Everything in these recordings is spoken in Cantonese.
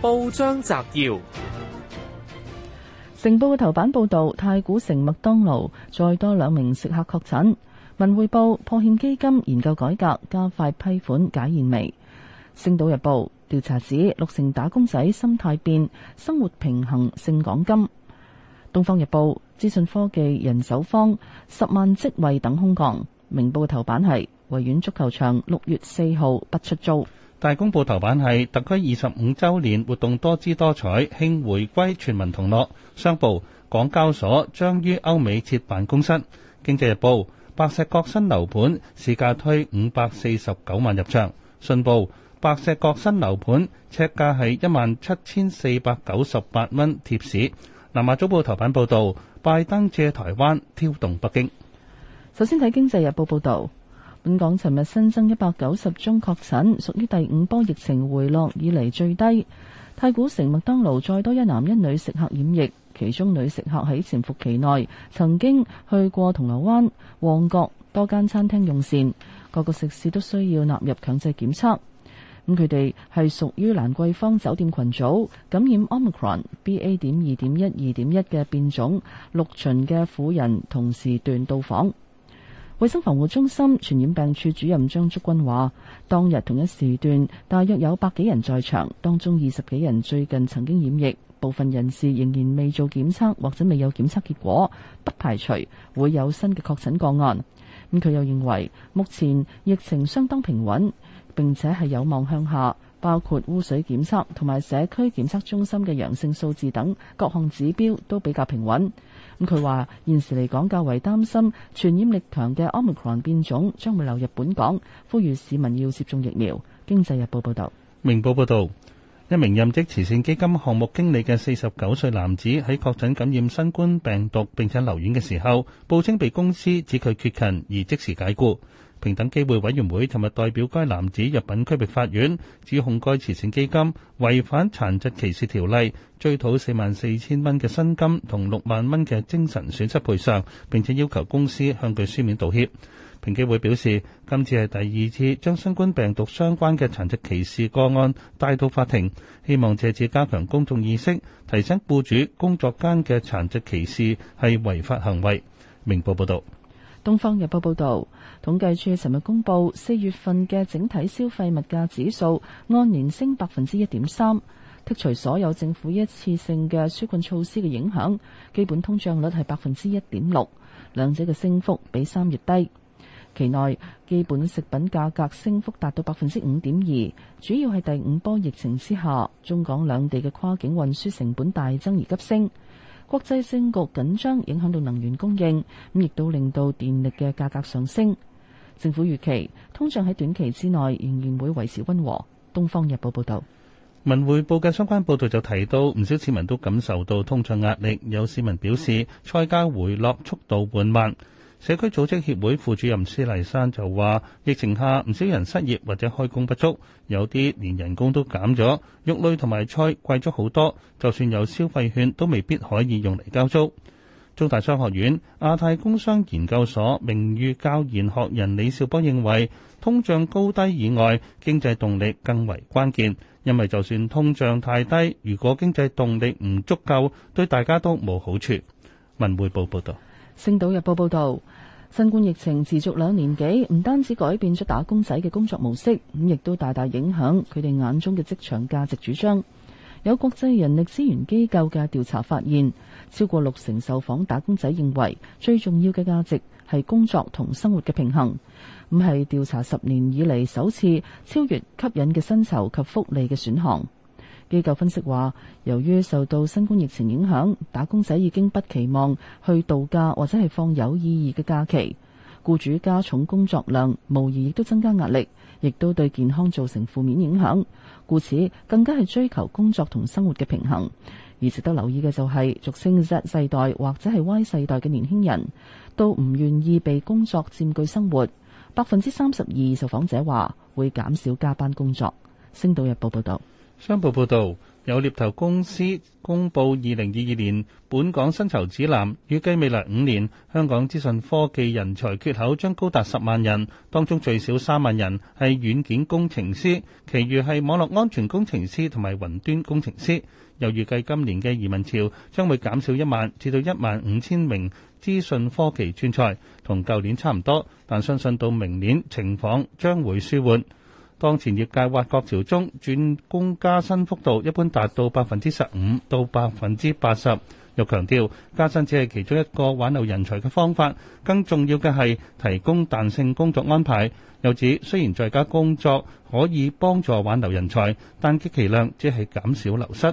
報章摘要：成報嘅頭版報道，太古城麥當勞再多兩名食客確診。文匯報破欠基金研究改革，加快批款解燃眉。星島日報調查指六成打工仔心態變，生活平衡勝獎金。東方日報資訊科技人手荒，十萬職位等空降。明報嘅頭版係維園足球場六月四號不出租。大公報頭版係特區二十五週年活動多姿多彩，慶回歸全民同樂。商報，港交所將於歐美設辦公室。經濟日報，白石角新樓盤市價推五百四十九萬入場。信報，白石角新樓盤尺價係一萬七千四百九十八蚊貼市。南華早報頭版報導，拜登借台灣挑動北京。首先睇經濟日報報導。本港尋日新增一百九十宗確診，屬於第五波疫情回落以嚟最低。太古城麥當勞再多一男一女食客染疫，其中女食客喺潛伏期內曾經去過銅鑼灣、旺角多間餐廳用膳，各個食肆都需要納入強制檢測。咁佢哋係屬於蘭桂坊酒店群組感染 Omicron BA. 點二點一二點一嘅變種，六旬嘅婦人同時段到訪。衛生防護中心傳染病處主任張竹君話：當日同一時段大約有百幾人在場，當中二十幾人最近曾經染疫，部分人士仍然未做檢測或者未有檢測結果，不排除會有新嘅確診個案。咁佢又認為，目前疫情相當平穩，並且係有望向下，包括污水檢測同埋社區檢測中心嘅陽性數字等各項指標都比較平穩。咁佢話：現時嚟講較為擔心傳染力強嘅 Omicron 變種將會流入本港，呼籲市民要接種疫苗。經濟日報報道：「明報報道，一名任職慈善基金項目經理嘅四十九歲男子喺確診感染新冠病毒並且留院嘅時候，報稱被公司指佢缺勤而即時解雇。」平等機會委員會尋日代表該男子入稟區域法院，指控該慈善基金違反殘疾歧視條例，追討四萬四千蚊嘅薪金同六萬蚊嘅精神損失賠償，並且要求公司向佢書面道歉。平機會表示，今次係第二次將新冠病毒相關嘅殘疾歧視個案帶到法庭，希望借此加強公眾意識，提升僱主工作間嘅殘疾歧視係違法行為。明報報道，《東方日報》報道。統計處尋日公布，四月份嘅整體消費物價指數按年升百分之一點三，剔除所有政府一次性嘅紓困措施嘅影響，基本通脹率係百分之一點六，兩者嘅升幅比三月低。期內，基本食品價格升幅達到百分之五點二，主要係第五波疫情之下，中港兩地嘅跨境運輸成本大增而急升。國際政局緊張影響到能源供應，咁亦都令到電力嘅價格上升。政府預期通脹喺短期之內仍然會維持溫和。《東方日報》報道，文匯報嘅相關報導就提到，唔少市民都感受到通脹壓力，有市民表示菜價回落速度緩慢。社區組織協會副主任施麗珊就話：疫情下唔少人失業或者開工不足，有啲連人工都減咗，肉類同埋菜貴咗好多。就算有消費券，都未必可以用嚟交租。中大商學院亞太工商研究所名譽教研學人李兆波認為，通脹高低以外，經濟動力更為關鍵。因為就算通脹太低，如果經濟動力唔足夠，對大家都冇好處。文匯報報導。星島日報報道，新冠疫情持續兩年幾，唔單止改變咗打工仔嘅工作模式，咁亦都大大影響佢哋眼中嘅職場價值主張。有國際人力資源機構嘅調查發現，超過六成受訪打工仔認為最重要嘅價值係工作同生活嘅平衡，咁係調查十年以嚟首次超越吸引嘅薪酬及福利嘅選項。機構分析話，由於受到新冠疫情影響，打工仔已經不期望去度假或者係放有意義嘅假期。僱主加重工作量，無疑亦都增加壓力，亦都對健康造成負面影響。故此，更加係追求工作同生活嘅平衡。而值得留意嘅就係，俗稱 “Z 世代”或者係 “Y 世代”嘅年輕人都唔願意被工作佔據生活。百分之三十二受訪者話會減少加班工作。星島日報報道。商報報導，有獵頭公司公佈二零二二年本港薪酬指南，預計未來五年香港資訊科技人才缺口將高達十萬人，當中最少三萬人係軟件工程師，其餘係網絡安全工程師同埋雲端工程師。又預計今年嘅移民潮將會減少一萬至到一萬五千名資訊科技專才，同舊年差唔多，但相信到明年情況將會舒緩。當前業界挖角潮中，轉工加薪幅度一般達到百分之十五到百分之八十。又強調，加薪只係其中一個挽留人才嘅方法，更重要嘅係提供彈性工作安排。又指，雖然在家工作可以幫助挽留人才，但極其量只係減少流失。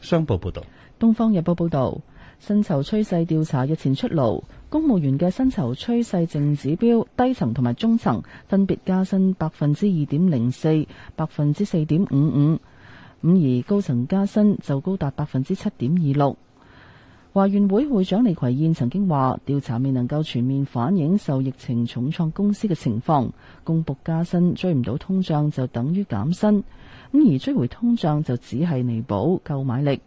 商報報道，《東方日報》報道。薪酬趨勢調查日前出爐，公務員嘅薪酬趨勢正指標，低層同埋中層分別加薪百分之二點零四、百分之四點五五，咁而高層加薪就高達百分之七點二六。華員會會長李葵燕曾經話：調查未能夠全面反映受疫情重創公司嘅情況，公僕加薪追唔到通脹就等於減薪，咁而追回通脹就只係彌補購買力。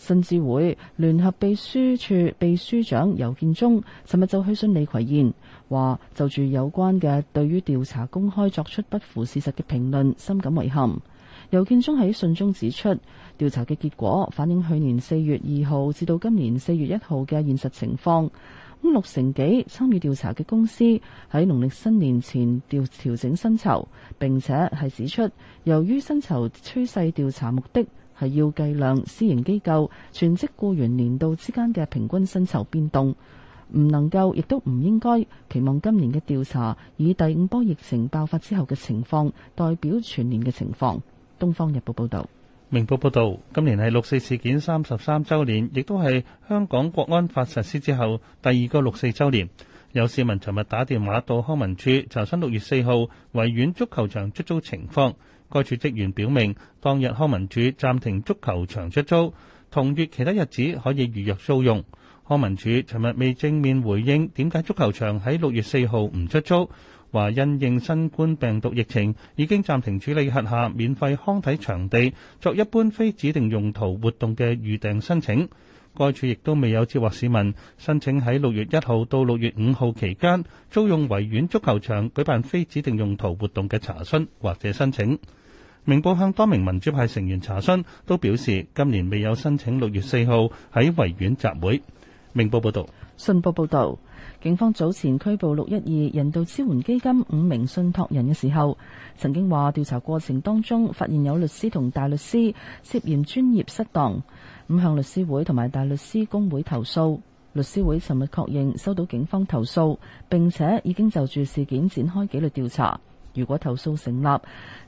新智會聯合秘書處秘書長游建中，尋日就去信李葵燕，話就住有關嘅對於調查公開作出不符事實嘅評論，深感遺憾。游建中喺信中指出，調查嘅結果反映去年四月二號至到今年四月一號嘅現實情況。咁六成幾參與調查嘅公司喺農曆新年前調調整薪酬，並且係指出，由於薪酬趨勢調查目的，係要計量私營機構全職僱員年度之間嘅平均薪酬變動，唔能夠亦都唔應該期望今年嘅調查以第五波疫情爆發之後嘅情況代表全年嘅情況。《東方日報》報道。《明報》報道，今年係六四事件三十三週年，亦都係香港國安法實施之後第二個六四週年。有市民尋日打電話到康文署查詢六月四號維園足球場出租情況。該處職員表明，當日康文署暫停足球場出租，同月其他日子可以預約租用。康文署尋日未正面回應點解足球場喺六月四號唔出租，話因應新冠病毒疫情，已經暫停處理轄下免費康體場地作一般非指定用途活動嘅預訂申請。該處亦都未有接獲市民申請喺六月一號到六月五號期間租用維園足球場舉辦非指定用途活動嘅查詢或者申請。明報向多名民主派成員查詢，都表示今年未有申請六月四號喺維園集會。明報報道。信報報導，警方早前拘捕六一二人道支援基金五名信託人嘅時候，曾經話調查過程當中發現有律師同大律師涉嫌專業失當，咁向律師會同埋大律師公會投訴。律師會尋日確認收到警方投訴，並且已經就住事件展開紀律調查。如果投訴成立，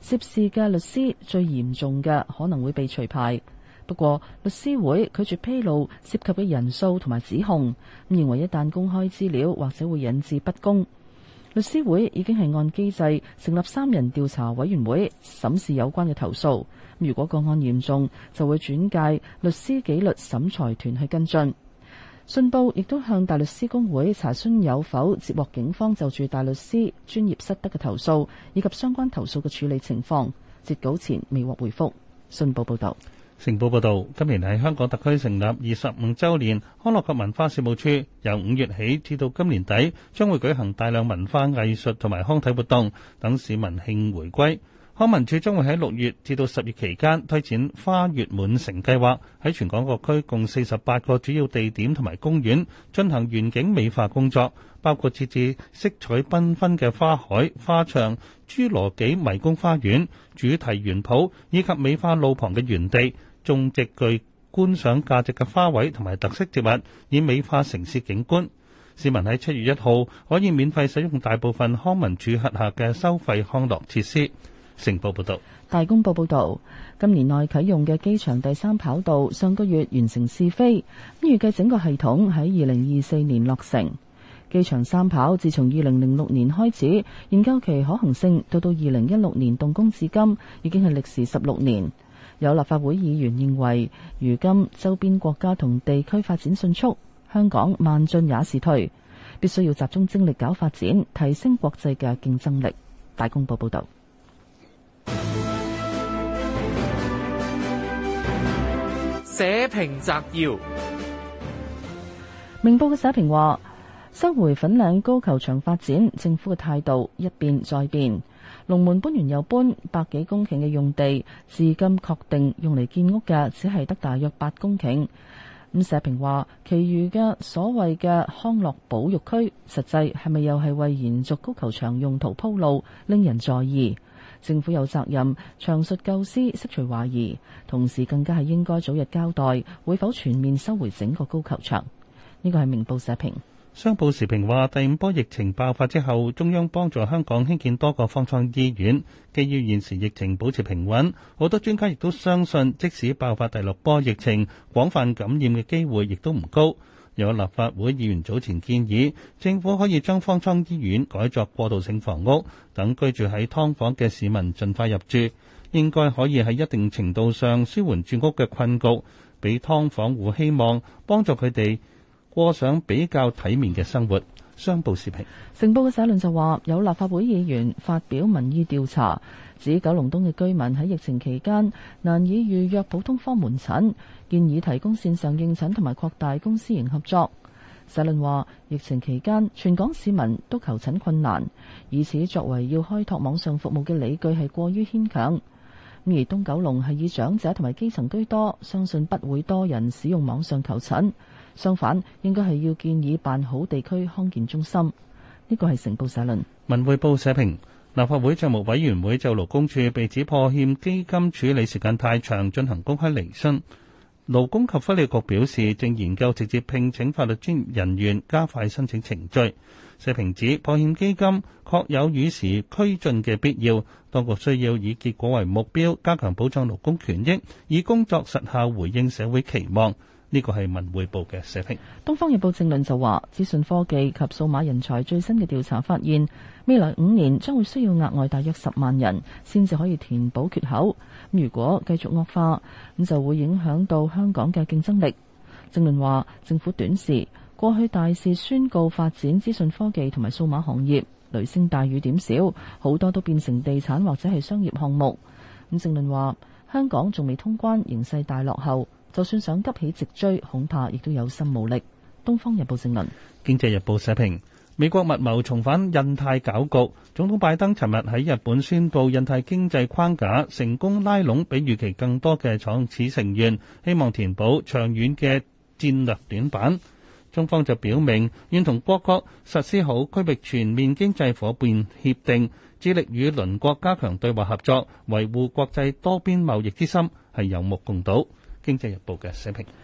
涉事嘅律師最嚴重嘅可能會被除牌。不過，律師會拒絕披露涉及嘅人數同埋指控，認為一旦公開資料，或者會引致不公。律師會已經係按機制成立三人調查委員會審視有關嘅投訴，如果個案嚴重，就會轉介律師紀律審裁團去跟進。信報亦都向大律師公會查詢有否接獲警方就住大律師專業失德嘅投訴，以及相關投訴嘅處理情況。截稿前未獲回覆。信報報導。成報報導，今年係香港特區成立二十五週年，康樂及文化事務處由五月起至到今年底，將會舉行大量文化藝術同埋康體活動，等市民慶回歸。康文署將會喺六月至到十月期間推展花月滿城計劃，喺全港各區共四十八個主要地點同埋公園進行園景美化工作，包括設置色彩繽紛嘅花海、花牆、侏羅紀迷宮花園、主題園圃以及美化路旁嘅園地。種植具觀賞價值嘅花卉同埋特色植物，以美化城市景觀。市民喺七月一號可以免費使用大部分康文署轄下嘅收費康樂設施。成報報道。大公報報道，今年內啟用嘅機場第三跑道上個月完成試飛，預計整個系統喺二零二四年落成。機場三跑自從二零零六年開始研究其可行性，到到二零一六年動工至今，已經係歷時十六年。有立法會議員認為，如今周邊國家同地區發展迅速，香港慢進也是退，必須要集中精力搞發展，提升國際嘅競爭力。大公報報導。社評摘要：明報嘅社評話，收回粉嶺高球場發展，政府嘅態度一變再變。龍門搬完又搬百幾公頃嘅用地，至今確定用嚟建屋嘅只係得大約八公頃。咁社評話，其餘嘅所謂嘅康樂保育區，實際係咪又係為延續高球場用途鋪路，令人在意。政府有責任詳述構思，釋除懷疑，同時更加係應該早日交代，會否全面收回整個高球場。呢個係明報社評。商報時評話：第五波疫情爆發之後，中央幫助香港興建多個方艙醫院。基於現時疫情保持平穩，好多專家亦都相信，即使爆發第六波疫情，廣泛感染嘅機會亦都唔高。有立法會議員早前建議，政府可以將方艙醫院改作過渡性房屋，等居住喺劏房嘅市民盡快入住，應該可以喺一定程度上舒緩住屋嘅困局，俾劏房戶希望，幫助佢哋，過上比較體面嘅生活。商報時評成報嘅社論就話：有立法會議員發表民意調查，指九龍東嘅居民喺疫情期間難以預約普通科門診，建議提供線上應診同埋擴大公私營合作。社論話：疫情期間全港市民都求診困難，以此作為要開拓網上服務嘅理據係過於牽強。而東九龍係以長者同埋基層居多，相信不會多人使用網上求診。相反，應該係要建議辦好地區康健中心。呢、這個係成報社論。文匯報社評，立法會賬目委員會就勞工處被指破欠基金處理時間太長進行公開聆訊，勞工及福利局表示正研究直接聘請法律專業人員加快申請程序。社評指破欠基金確有與時俱進嘅必要，當局需要以結果為目標，加強保障勞工權益，以工作實效回應社會期望。呢個係文匯報嘅社評，《東方日報政論》就話，資訊科技及數碼人才最新嘅調查發現，未來五年將會需要額外大約十萬人先至可以填補缺口。如果繼續惡化，咁就會影響到香港嘅競爭力。政論話，政府短視，過去大肆宣告發展資訊科技同埋數碼行業，雷聲大雨點少，好多都變成地產或者係商業項目。咁政論話，香港仲未通關，形勢大落後。就算想急起直追，恐怕亦都有心無力。《東方日報》正論，《經濟日報》社評：美國密謀重返印太搞局，總統拜登尋日喺日本宣布印太經濟框架成功拉攏比預期更多嘅創始成員，希望填補長遠嘅戰略短板。中方就表明願同各國實施好區域全面經濟夥伴協定，致力與鄰國加強對話合作，維護國際多邊貿易之心，係有目共睹。經濟日報嘅社評。